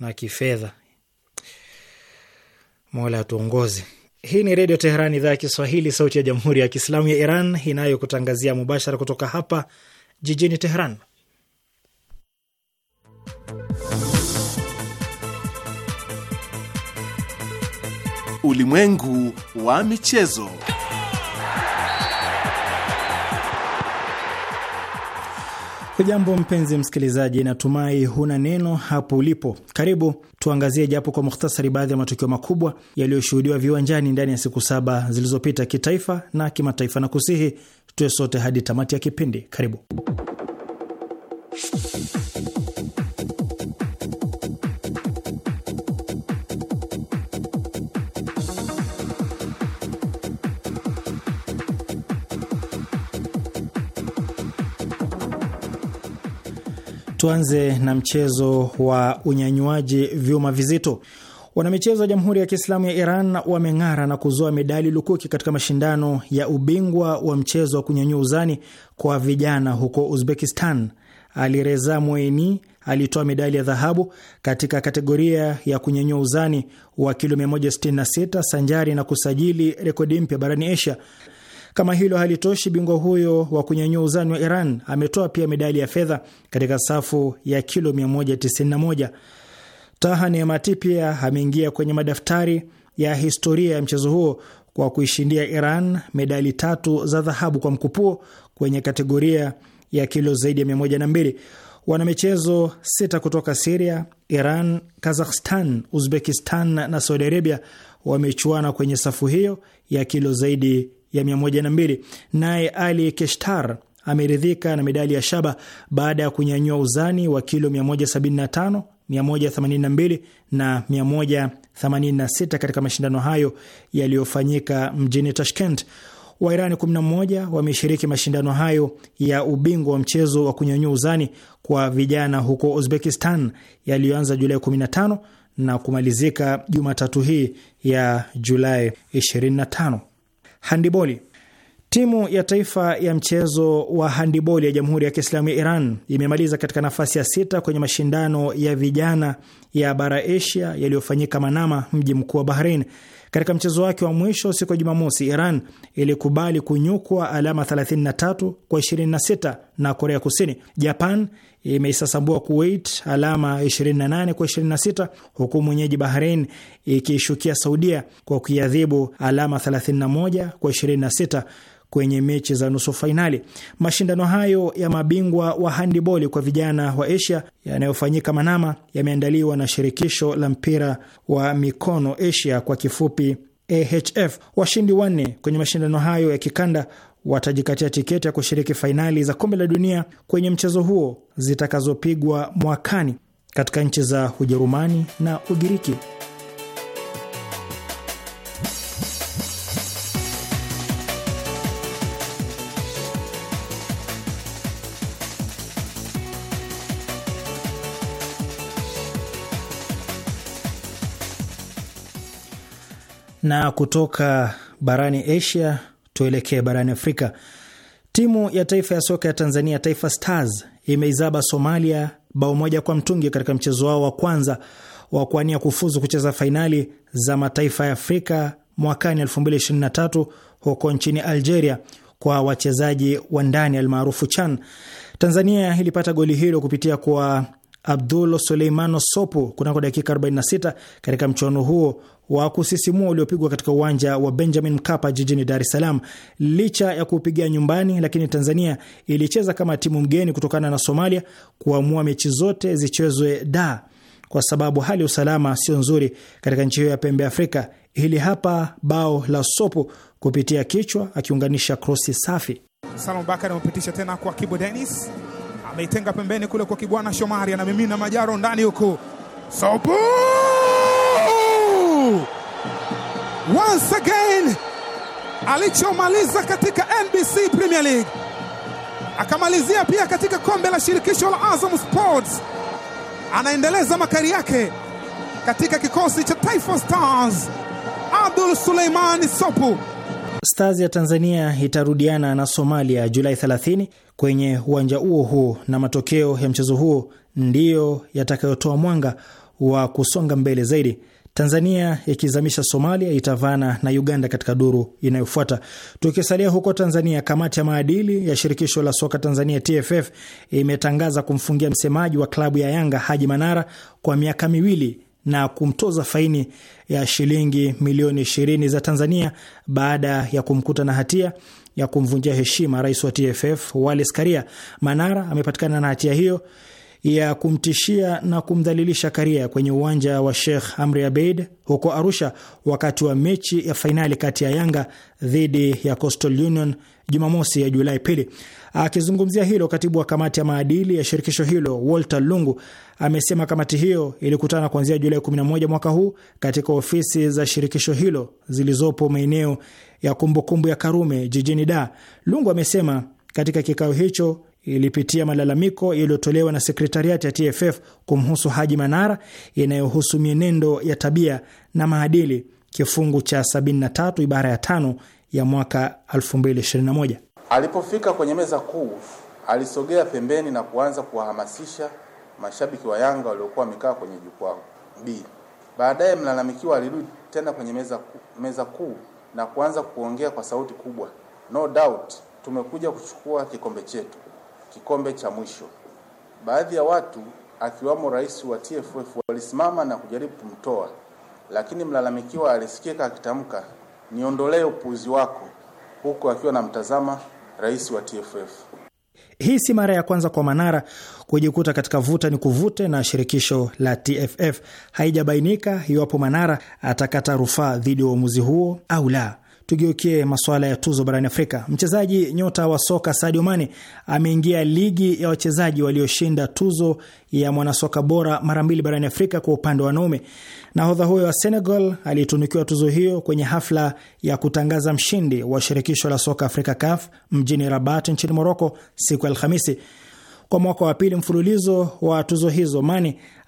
na kifedha. Mola atuongoze. Hii ni Redio Teheran, idhaa ya Kiswahili, sauti ya Jamhuri ya Kiislamu ya Iran inayokutangazia mubashara kutoka hapa jijini Teheran. Ulimwengu wa michezo. Hujambo mpenzi msikilizaji, natumai huna neno hapo ulipo. Karibu tuangazie japo kwa muhtasari baadhi ya matukio makubwa yaliyoshuhudiwa viwanjani ndani ya siku saba zilizopita, kitaifa na kimataifa, na kusihi tuwe sote hadi tamati ya kipindi. Karibu. Tuanze na mchezo wa unyanywaji vyuma vizito. Wanamichezo wa Jamhuri ya Kiislamu ya Iran wameng'ara na kuzoa medali lukuki katika mashindano ya ubingwa wa mchezo wa kunyanyua uzani kwa vijana huko Uzbekistan. Alireza mweni alitoa medali ya dhahabu katika kategoria ya kunyanyua uzani wa kilo 166 sanjari na kusajili rekodi mpya barani Asia. Kama hilo halitoshi, bingwa huyo wa kunyanyua uzani wa Iran ametoa pia medali ya fedha katika safu ya kilo 191. Taha Niamati pia ameingia kwenye madaftari ya historia ya mchezo huo kwa kuishindia Iran medali tatu za dhahabu kwa mkupuo kwenye kategoria ya kilo zaidi ya 102. Wanamichezo sita kutoka Siria, Iran, Kazakhstan, Uzbekistan na Saudi Arabia wamechuana kwenye safu hiyo ya kilo zaidi ya 102. Naye Ali Keshtar ameridhika na medali ya shaba baada ya kunyanyua uzani wa kilo 175, 182 na 186 katika mashindano hayo yaliyofanyika mjini Tashkent. Wairani 11 wameshiriki mashindano hayo ya ubingwa wa mchezo wa kunyanyua uzani kwa vijana huko Uzbekistan yaliyoanza Julai 15 na kumalizika Jumatatu hii ya Julai 25 handiboli. Timu ya taifa ya mchezo wa handiboli ya Jamhuri ya Kiislamu ya Iran imemaliza katika nafasi ya sita kwenye mashindano ya vijana ya bara Asia yaliyofanyika Manama, mji mkuu wa Bahrain. Katika mchezo wake wa mwisho siku ya Jumamosi, Iran ilikubali kunyukwa alama 33 kwa 26 na Korea Kusini. Japan imeisasambua Kuwait alama 28 kwa 26, huku mwenyeji Bahrain ikiishukia Saudia kwa kuiadhibu alama 31 kwa 26 kwenye mechi za nusu fainali. Mashindano hayo ya mabingwa wa handiboli kwa vijana wa Asia yanayofanyika Manama yameandaliwa na shirikisho la mpira wa mikono Asia kwa kifupi AHF. Washindi wanne kwenye mashindano hayo ya kikanda watajikatia tiketi ya kushiriki fainali za kombe la dunia kwenye mchezo huo zitakazopigwa mwakani katika nchi za Ujerumani na Ugiriki. Na kutoka barani Asia tuelekee barani Afrika. Timu ya taifa ya soka ya Tanzania, Taifa Stars, imeizaba Somalia bao moja kwa mtungi katika mchezo wao wa kwanza wa kuania kufuzu kucheza fainali za mataifa ya Afrika mwakani 2023 huko nchini Algeria kwa wachezaji wa ndani almaarufu CHAN. Tanzania ilipata goli hilo kupitia kwa Abdul Suleimano Sopu kunako dakika 46 katika mchuano huo wa kusisimua uliopigwa katika uwanja wa Benjamin Mkapa jijini Dar es Salaam. Licha ya kuupigia nyumbani, lakini Tanzania ilicheza kama timu mgeni kutokana na Somalia kuamua mechi zote zichezwe da kwa sababu hali ya usalama sio nzuri katika nchi hiyo ya pembe Afrika. Hili hapa bao la Sopu kupitia kichwa akiunganisha krosi safi. Salum Bakari amepitisha tena kwa Kibo Denis ameitenga pembeni kule kwa Kibwana Shomari, anamimina Majaro ndani huku Sopu once again alichomaliza katika NBC Premier League akamalizia pia katika kombe la shirikisho la Azam Sports. Anaendeleza makari yake katika kikosi cha Taifa Stars, Abdul Suleiman Sopu. Stars ya Tanzania itarudiana na Somalia Julai 30 kwenye uwanja huo huo, na matokeo ya mchezo huo ndiyo yatakayotoa mwanga wa kusonga mbele zaidi. Tanzania ikizamisha Somalia itavana na Uganda katika duru inayofuata. Tukisalia huko Tanzania, kamati ya maadili ya shirikisho la soka Tanzania TFF imetangaza kumfungia msemaji wa klabu ya Yanga Haji Manara kwa miaka miwili na kumtoza faini ya shilingi milioni 20 za Tanzania baada ya kumkuta na hatia ya kumvunjia heshima rais wa TFF Wallace Karia. Manara amepatikana na hatia hiyo ya kumtishia na kumdhalilisha Karia kwenye uwanja wa Sheikh Amri Abeid huko Arusha wakati wa mechi ya fainali kati ya Yanga dhidi ya Coastal Union Jumamosi ya Julai pili. Akizungumzia hilo, katibu wa kamati ya maadili ya shirikisho hilo Walter Lungu amesema kamati hiyo ilikutana kuanzia Julai 11 mwaka huu katika ofisi za shirikisho hilo zilizopo maeneo ya kumbukumbu kumbu ya Karume jijini Dar. Lungu amesema katika kikao hicho ilipitia malalamiko yaliyotolewa na sekretariati ya TFF kumhusu Haji Manara inayohusu mienendo ya tabia na maadili kifungu cha 73 ibara ya tano ya mwaka 2021. Alipofika kwenye meza kuu, alisogea pembeni na kuanza kuwahamasisha mashabiki wa Yanga waliokuwa wamekaa kwenye jukwaa B. Baadaye mlalamikiwa alirudi tena kwenye meza kuu, meza kuu na kuanza kuongea kwa sauti kubwa, no doubt tumekuja kuchukua kikombe chetu, kikombe cha mwisho. Baadhi ya watu akiwamo rais wa TFF walisimama na kujaribu kumtoa, lakini mlalamikiwa alisikika akitamka niondolee upuuzi wako, huku akiwa namtazama rais wa TFF. Hii si mara ya kwanza kwa Manara kujikuta katika vuta ni kuvute na shirikisho la TFF. Haijabainika iwapo Manara atakata rufaa dhidi ya uamuzi huo au la. Tugeukie masuala ya tuzo barani Afrika. Mchezaji nyota wa soka Sadio Mane ameingia ligi ya wachezaji walioshinda tuzo ya mwanasoka bora mara mbili barani Afrika kwa upande wa wanaume. Nahodha huyo wa Senegal alitunukiwa tuzo hiyo kwenye hafla ya kutangaza mshindi wa shirikisho la soka Afrika CAF mjini Rabat nchini Moroko siku ya Alhamisi. Kwa mwaka wa pili mfululizo wa tuzo hizo, Mane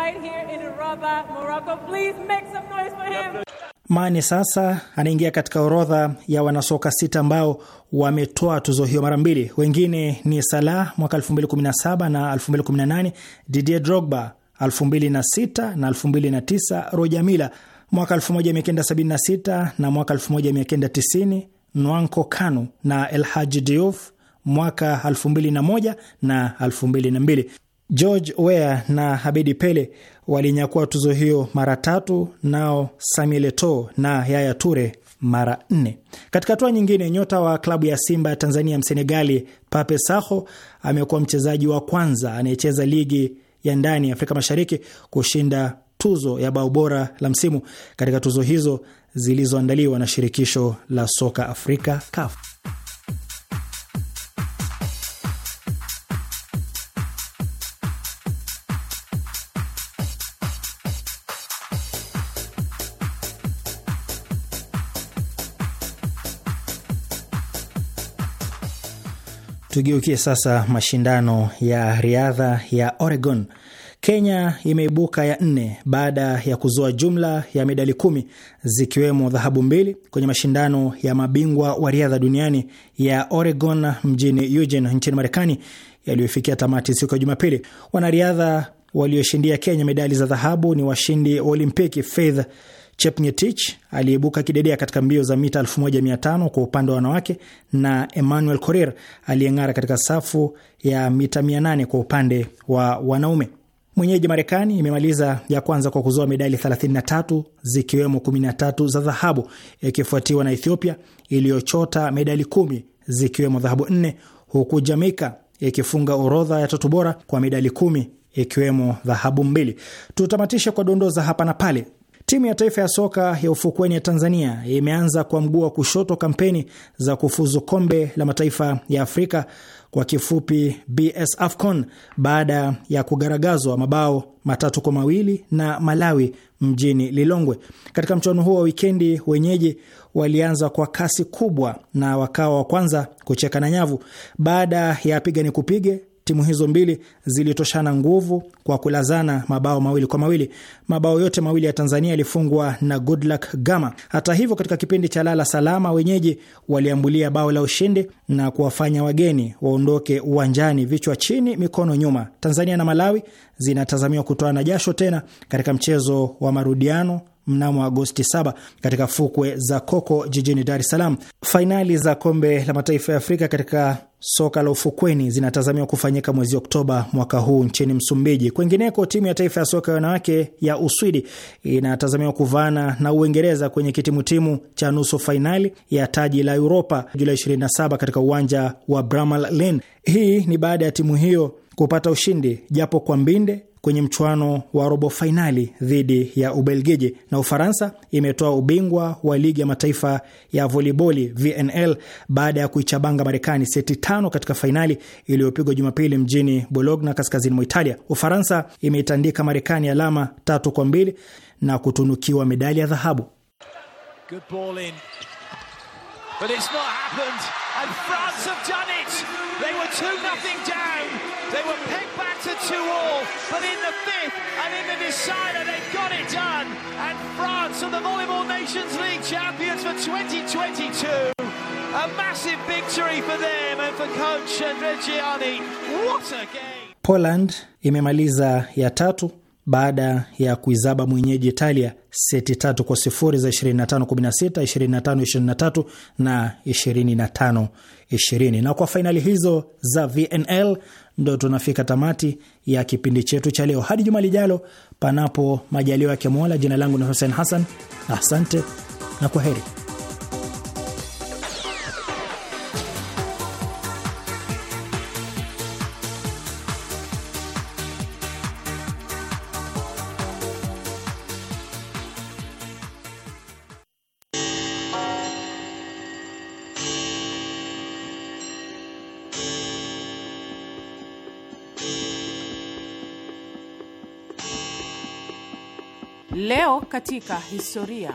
right here in Morocco. Please make some noise for him. Mane sasa anaingia katika orodha ya wanasoka sita ambao wametoa tuzo hiyo mara mbili. Wengine ni Salah mwaka 2017 na 2018, Didier Drogba 2006 na 2009, Roger Milla mwaka 1976 na mwaka 1990, Nwanko Kanu na El Hadji Diouf mwaka 2001 na 2002. George Weah na Abedi Pele walinyakua tuzo hiyo mara tatu, nao Samuel Leto na Yaya Ture mara nne. Katika hatua nyingine, nyota wa klabu ya Simba ya Tanzania Msenegali Pape Saho amekuwa mchezaji wa kwanza anayecheza ligi ya ndani ya Afrika Mashariki kushinda tuzo ya bao bora la msimu katika tuzo hizo zilizoandaliwa na shirikisho la soka Afrika CAF. Tugeukie sasa mashindano ya riadha ya Oregon. Kenya imeibuka ya nne baada ya kuzoa jumla ya medali kumi zikiwemo dhahabu mbili kwenye mashindano ya mabingwa wa riadha duniani ya Oregon mjini Eugene nchini Marekani yaliyofikia tamati siku ya Jumapili. Wanariadha walioshindia Kenya medali za dhahabu ni washindi wa Olimpiki Faith Chepngetich aliyeibuka kidedea katika mbio za mita 1500 kwa upande wa wanawake na Emmanuel Korir aliyeng'ara katika safu ya mita 800 kwa upande wa wanaume. Mwenyeji Marekani imemaliza ya kwanza kwa kuzoa medali 33 zikiwemo 13 za dhahabu, ikifuatiwa na Ethiopia iliyochota medali kumi zikiwemo dhahabu nne, huku Jamaika ikifunga orodha ya tatu bora kwa medali kumi ikiwemo dhahabu mbili. Tutamatishe kwa dondoo za hapa na pale. Timu ya taifa ya soka ya ufukweni ya Tanzania imeanza kwa mguu wa kushoto kampeni za kufuzu kombe la mataifa ya Afrika kwa kifupi BS AFCON baada ya kugaragazwa mabao matatu kwa mawili na Malawi mjini Lilongwe. Katika mchuano huo wa wikendi, wenyeji walianza kwa kasi kubwa na wakawa wa kwanza kucheka na nyavu. Baada ya pigani kupige, timu hizo mbili zilitoshana nguvu kwa kulazana mabao mawili kwa mawili. Mabao yote mawili ya Tanzania yalifungwa na Goodluck Gama. Hata hivyo, katika kipindi cha lala salama, wenyeji waliambulia bao la ushindi na kuwafanya wageni waondoke uwanjani vichwa chini, mikono nyuma. Tanzania na Malawi zinatazamiwa kutoana jasho tena katika mchezo wa marudiano mnamo Agosti 7 katika fukwe za Koko jijini Dar es Salaam. Fainali za kombe la mataifa ya Afrika katika soka la ufukweni zinatazamiwa kufanyika mwezi Oktoba mwaka huu nchini Msumbiji. Kwingineko, timu ya taifa ya soka ya wanawake ya Uswidi inatazamiwa kuvaana na Uingereza kwenye kitimutimu cha nusu fainali ya taji la Uropa Julai 27 katika uwanja wa Bramall Lane. Hii ni baada ya timu hiyo kupata ushindi japo kwa mbinde kwenye mchuano wa robo fainali dhidi ya Ubelgiji, na Ufaransa imetoa ubingwa wa ligi ya mataifa ya voliboli VNL baada ya kuichabanga Marekani seti tano katika fainali iliyopigwa Jumapili mjini Bologna, kaskazini mwa Italia. Ufaransa imeitandika Marekani alama tatu kwa mbili na kutunukiwa medali ya dhahabu but in the fifth and in the decider, they've got it done. And France are the Volleyball Nations League champions for 2022. A massive victory for them and for coach Andre Gianni. What a game! Poland imemaliza ya tatu baada ya kuizaba mwenyeji Italia seti tatu kwa sifuri za 25 16, 25 23 na 25 20. Na kwa fainali hizo za VNL ndo tunafika tamati ya kipindi chetu cha leo. Hadi juma lijalo, panapo majaliwa yake Mola. Jina langu ni Hussein Hassan, asante na kwa heri. katika historia.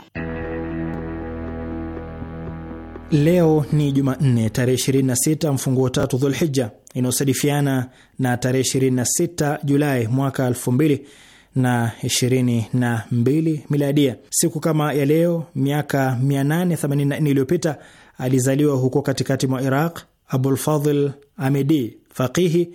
Leo ni Jumanne tarehe 26 mfunguo tatu Dhulhija inayosadifiana na tarehe 26 Julai mwaka 2022 na 22 miladia. Siku kama ya leo miaka 884 iliyopita alizaliwa huko katikati mwa Iraq Abulfadhl Amidi, faqihi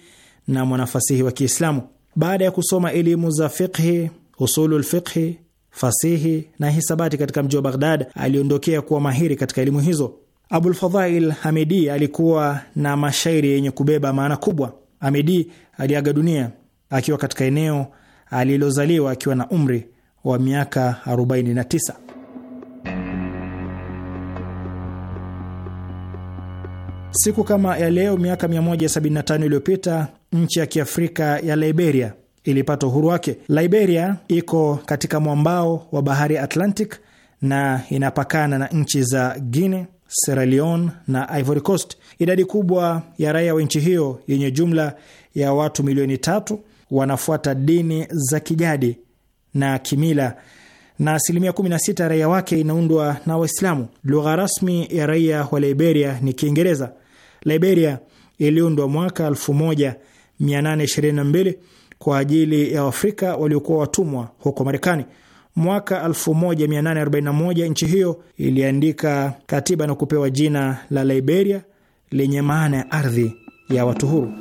na mwanafasihi wa Kiislamu. Baada ya kusoma elimu za fiqhi, usulul fiqhi fasihi na hisabati katika mji wa Baghdad, aliondokea kuwa mahiri katika elimu hizo. Abulfadhail Hamidi alikuwa na mashairi yenye kubeba maana kubwa. Hamidi aliaga dunia akiwa katika eneo alilozaliwa akiwa na umri wa miaka 49. Siku kama ya leo miaka 175 iliyopita nchi ya Kiafrika ya Liberia ilipata uhuru wake. Liberia iko katika mwambao wa bahari Atlantic na inapakana na nchi za Guinea, Sierra Leone na Ivory Coast. Idadi kubwa ya raia wa nchi hiyo yenye jumla ya watu milioni tatu wanafuata dini za kijadi na kimila na asilimia 16 ya raia wake inaundwa na Waislamu. Lugha rasmi ya raia wa Liberia ni Kiingereza. Liberia iliundwa mwaka 1822 kwa ajili ya Waafrika waliokuwa watumwa huko Marekani. Mwaka 1841 nchi hiyo iliandika katiba na kupewa jina la Liberia lenye maana ya ardhi ya watu huru.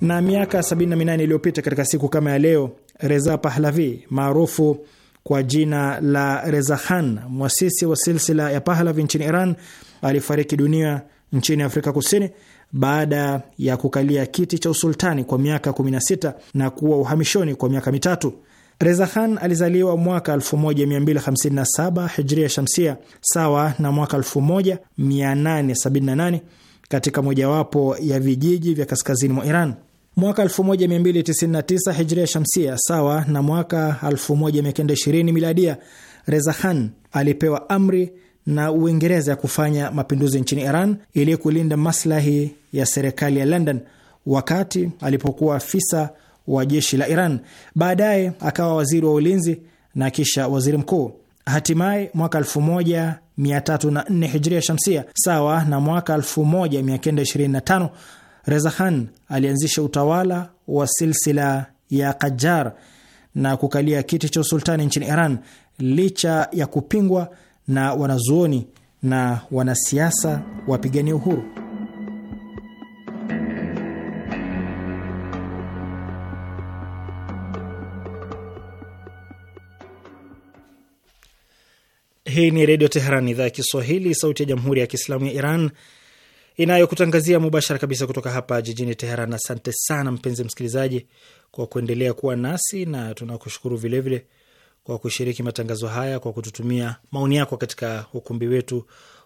Na miaka 78 iliyopita katika siku kama ya leo, Reza Pahlavi maarufu kwa jina la Reza Khan, mwasisi wa silsila ya Pahlavi nchini Iran, alifariki dunia nchini Afrika Kusini baada ya kukalia kiti cha usultani kwa miaka 16 na kuwa uhamishoni kwa miaka mitatu. Reza Khan alizaliwa mwaka 1257 Hijria Shamsia, sawa na mwaka 1878 katika mojawapo ya vijiji vya kaskazini mwa Iran. Mwaka 1299 Hijria Shamsia, sawa na mwaka 1920 Miladia, Reza Khan alipewa amri na Uingereza ya kufanya mapinduzi nchini Iran ili kulinda maslahi ya serikali ya London wakati alipokuwa afisa wa jeshi la Iran. Baadaye akawa waziri wa ulinzi na kisha waziri mkuu. Hatimaye mwaka 1304 hijria shamsia, sawa na mwaka 1925, Reza Khan alianzisha utawala wa silsila ya kajar na kukalia kiti cha usultani nchini Iran licha ya kupingwa na wanazuoni na wanasiasa wapigania uhuru. Hii ni Redio Teheran, idhaa ya Kiswahili, sauti ya Jamhuri ya Kiislamu ya Iran inayokutangazia mubashara kabisa kutoka hapa jijini Teheran. Asante sana mpenzi msikilizaji kwa kuendelea kuwa nasi na tunakushukuru vilevile kwa kushiriki matangazo haya kwa kututumia maoni yako katika ukumbi wetu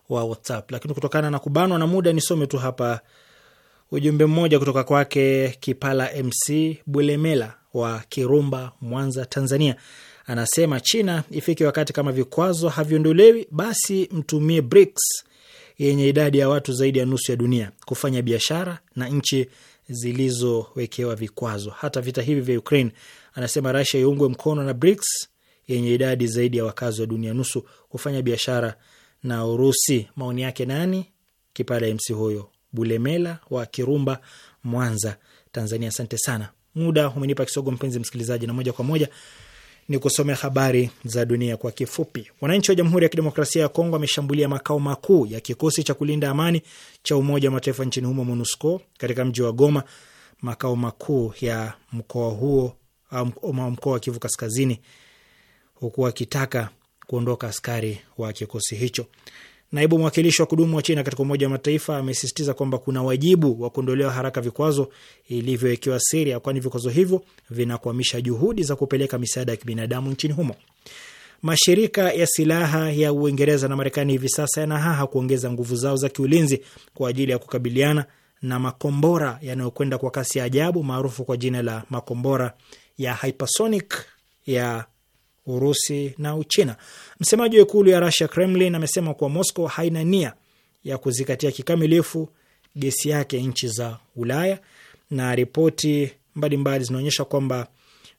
wa WhatsApp. Lakini kutokana na kubanwa na muda, nisome tu hapa ujumbe mmoja kutoka kwake Kipala MC Bulemela wa Kirumba, Mwanza, Tanzania. Anasema China ifike wakati kama vikwazo haviondolewi, basi mtumie BRICS yenye idadi ya watu zaidi ya nusu ya dunia kufanya biashara na nchi zilizowekewa vikwazo, hata vita hivi vya Ukraine. Anasema Russia iungwe mkono na BRICS yenye idadi zaidi ya wakazi wa dunia nusu kufanya biashara na Urusi. Maoni yake nani? Kipala MC huyo Bulemela wa Kirumba, Mwanza, Tanzania. Asante sana, muda umenipa kisogo, mpenzi msikilizaji, na moja kwa moja ni kusomea habari za dunia kwa kifupi. Wananchi wa Jamhuri ya Kidemokrasia ya Kongo wameshambulia makao makuu ya kikosi cha kulinda amani cha Umoja wa Mataifa nchini humo, MONUSCO, katika mji wa Goma, makao makuu ya mkoa huo, mkoa wa Kivu Kaskazini huku akitaka kuondoka askari wa kikosi hicho. Naibu mwakilishi wa kudumu wa China katika Umoja wa Mataifa amesisitiza kwamba kuna wajibu wa kuondolewa haraka vikwazo ilivyowekewa Siria, kwani vikwazo hivyo vinakwamisha juhudi za kupeleka misaada ya kibinadamu nchini humo. Mashirika ya silaha ya Uingereza na Marekani hivi sasa yana haha kuongeza nguvu zao za kiulinzi kwa ajili ya kukabiliana na makombora yanayokwenda kwa kasi ya ajabu maarufu kwa jina la makombora ya hypersonic ya Urusi na Uchina. Msemaji wa ikulu ya Russia, Kremlin, amesema kuwa Moscow haina nia ya kuzikatia kikamilifu gesi yake nchi za Ulaya, na ripoti mbalimbali zinaonyesha kwamba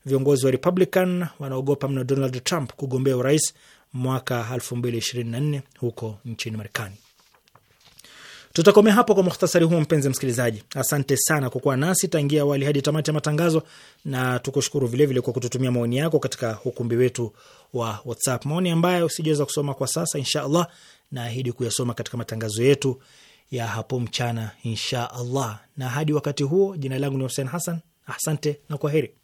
viongozi wa Republican wanaogopa mno Donald Trump kugombea urais mwaka 2024 huko nchini Marekani. Tutakomea hapo kwa muhtasari huo, mpenzi msikilizaji. Asante sana kwa kuwa nasi tangia awali hadi tamati ya matangazo, na tukushukuru vilevile kwa kututumia maoni yako katika ukumbi wetu wa WhatsApp, maoni ambayo sijaweza kusoma kwa sasa. Insha allah naahidi kuyasoma katika matangazo yetu ya hapo mchana, insha allah. Na hadi wakati huo, jina langu ni Hussein Hassan, asante na kwa heri.